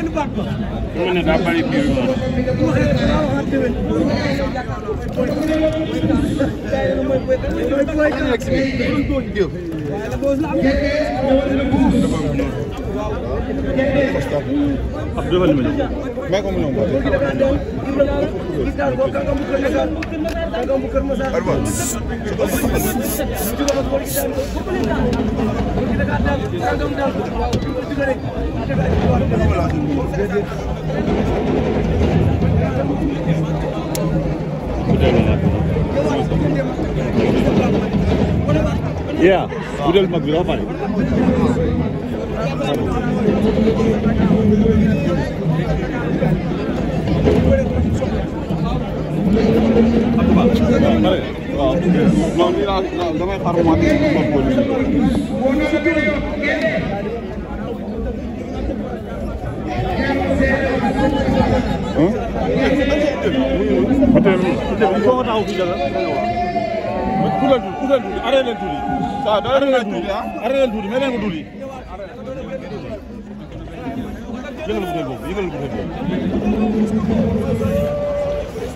benn baat ba. mu ne daa bari biir moom. bu waxee daa waxaat déwén. mooy Yeah, budal mag bi dafa pare. Pare. waaw non lii laa damay xaar mu wàññi bopp bi. hôtel bi hôtel bi foo taxaw fi jël kuréel tuuti kuréel tuuti arrêté leen tuuti. waaw da leen tuuti ah arrêté leen tuuti mais leen ko tuuti. yëngal kuréel boobu yëngal kuréel boobu.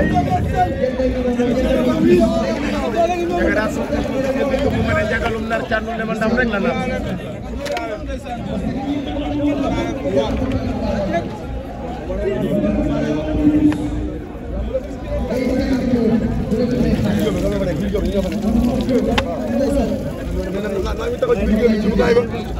Génération bu mu mënee jagalum nar càndum ne ma ndam rek la nar. Thank you.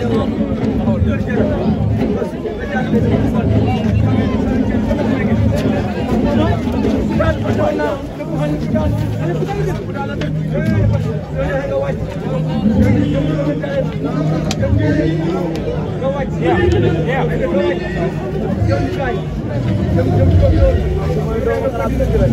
mooy doomu xalaat dëgg la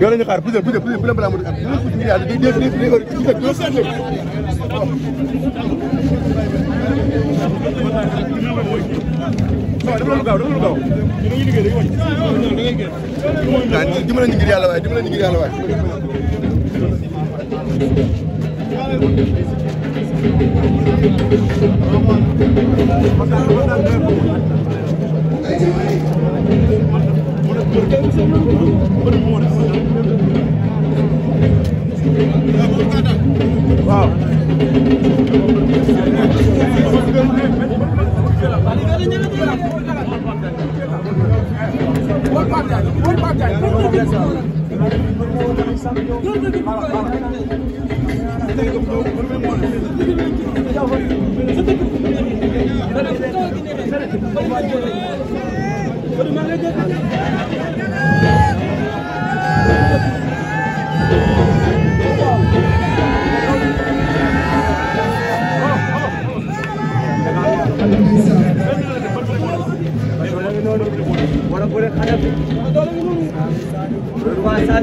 Yore ñu xaar bu dee bu dee bu dee balaa mu dee am waaw dimbale ñu ngir yàlla waay dimbale ñu ngir yàlla waay. Thank you. wala bu dee xale bi voilà.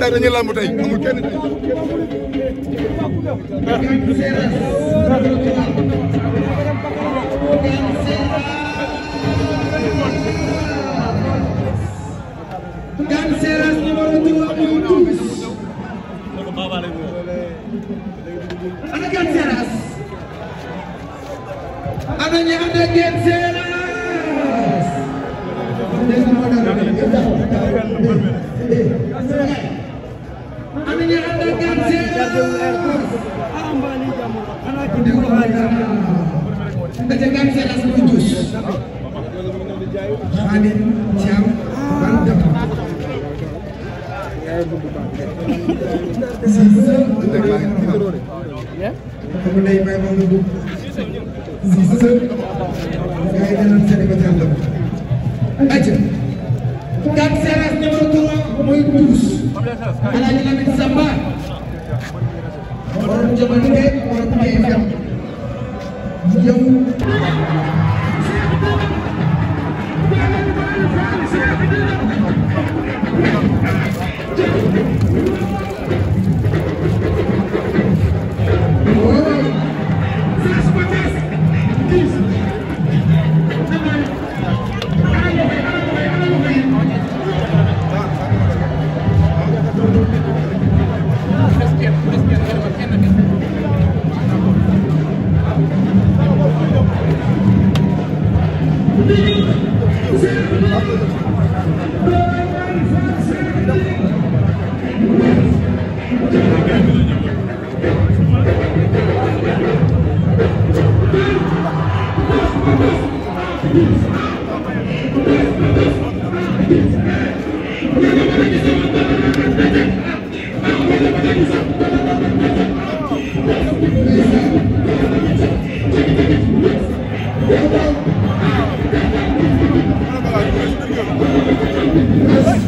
dañuy làmb tey amul kenn tey Gane Seras numéro 2 am nañu tous. ana Gane Seras. ana ñu ànd ak Gane Seras. ana ñu ànd ak Gane Seras. ndax Gane Seras numéro 2. Toulouse. Alaaji Lamine Samba. Borom Jabante Let's go.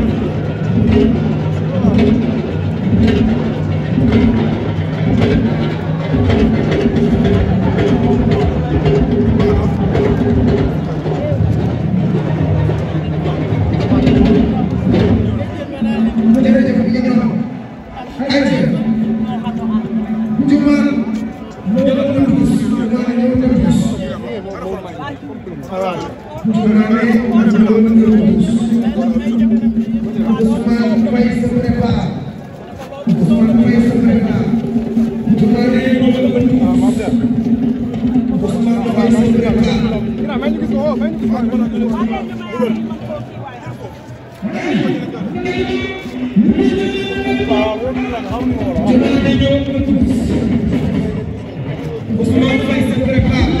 Ousmane Faye se prépare